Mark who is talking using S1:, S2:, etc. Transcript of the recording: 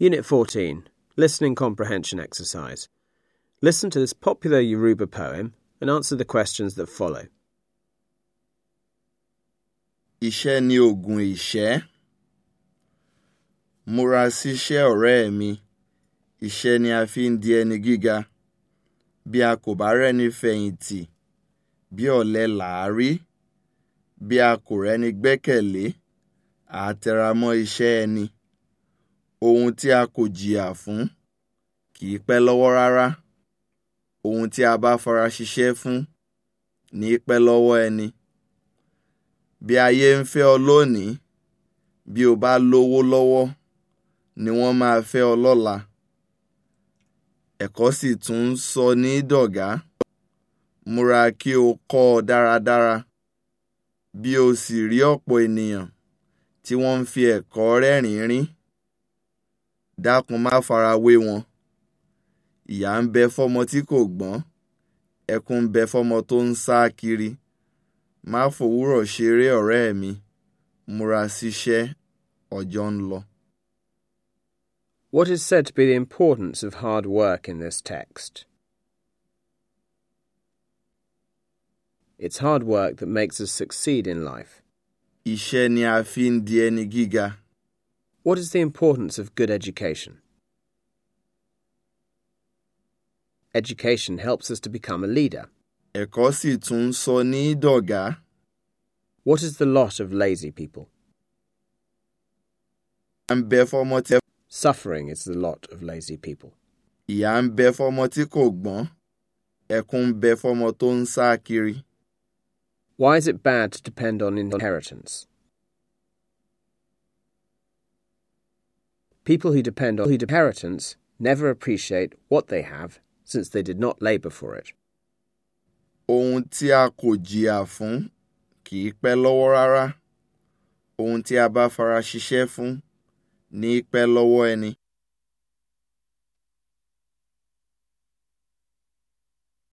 S1: Unit 14 Listening Comprehension Exercise. Listen to this popular Yoruba poem and answer the questions that follow.
S2: Ishe ni oògùn ìṣẹ́. Múra síṣẹ́ ọ̀rẹ́ mi. Ishe ni afin fi ń di ẹni gíga. Bí a ni feinti, bí ọ̀lẹ làárí. Bí a ni gbẹ́kẹ̀lé, àá mọ́ ohun tí a kò jìyà fún kì í pẹ́ lọ́wọ́ rárá ohun tí a bá fara ṣiṣẹ́ fún ní í pẹ́ lọ́wọ́ ẹni bí ayé ń fẹ́ ọ lónìí bí o bá lówó lọ́wọ́ ni wọ́n máa fẹ́ ọ lọ́la ẹ̀kọ́ sì tún ń sọ ní dọ̀gá múra kí o kọ́ ọ dáradára bí o sì rí ọ̀pọ̀ ènìyàn tí wọ́n ń fi ẹ̀kọ́ rẹ́rìn-ín rín dákun má fara wé wọn ìyà ń bẹ fọmọ tí kò gbọ́n ẹkún bẹ fọmọ tó ń sá kiri má fòwúrọ̀ ṣeré ọ̀rẹ́ mi múra síṣẹ́ ọjọ́ ń lọ.
S1: What is said to be the importance of hard work in this text? It's hard work that makes us succeed in life. Iṣẹ́ ni a fi ń di ẹni gíga. What is the importance of good education? Education helps us to become a leader. tún dọ̀gá. What is the lot of lazy people? Suffering is the lot of lazy people. Why is it bad to depend on inheritance? People who depend on inheritance never appreciate what they have since they did not labor for it.
S2: Ohun tí a kò jìyà fún kì í pẹ́ lọ́wọ́ rárá. Ohun tí a bá fara ṣiṣẹ́ fún ní í pẹ́ lọ́wọ́ ẹni.